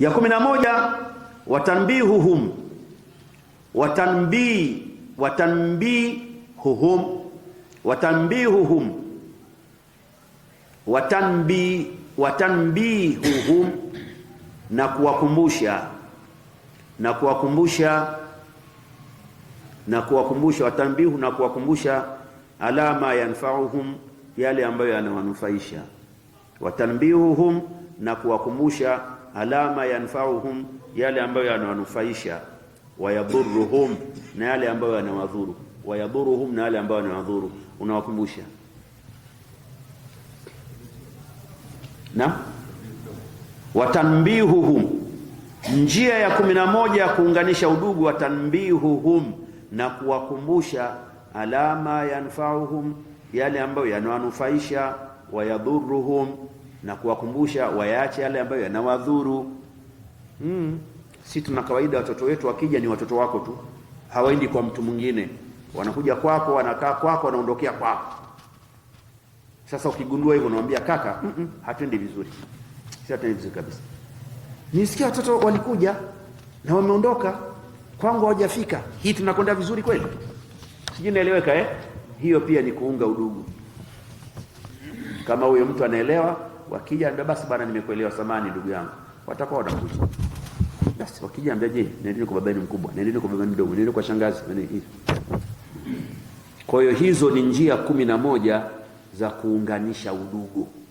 ya kumi na moja watanbihuhum watanbi watanbihuhum watanbihuhum watanbi watanbihuhum na kuwakumbusha na kuwakumbusha na kuwakumbusha watanbihu na kuwakumbusha alama yanfauhum yale ambayo yanawanufaisha watanbihuhum na kuwakumbusha alama yanfauhum, yale ambayo yanawanufaisha, wayadhuruhum, na yale ambayo yanawadhuru, wayadhuruhum, na yale ambayo yanawadhuru. Unawakumbusha na watanbihuhum njia ya kumi na moja ya kuunganisha udugu watanbihuhum, na kuwakumbusha alama yanfauhum, yale ambayo yanawanufaisha, wayadhuruhum, na kuwakumbusha wayaache yale ambayo yanawadhuru. Mm. Si tuna kawaida, watoto wetu wakija ni watoto wako tu, hawaendi kwa mtu mwingine, wanakuja kwako, wanakaa kwako, wanaondokea kwako. Sasa ukigundua hivyo, unamwambia kaka, mm -mm, hatuendi vizuri, si hatuendi vizuri kabisa. Nisikia watoto walikuja na wameondoka, kwangu hawajafika. Hii tunakwenda vizuri kweli? Sijui naeleweka eh? Hiyo pia ni kuunga udugu, kama huyo mtu anaelewa Wakija basi bana, nimekuelewa samani ndugu yangu, watakuwa wanakuja basi. Wakija ambia, je, nendeni kwa babani mkubwa, nendeni kwa babani mdogo, nendeni kwa shangazi. Kwa hiyo hizo ni njia kumi na moja za kuunganisha udugu.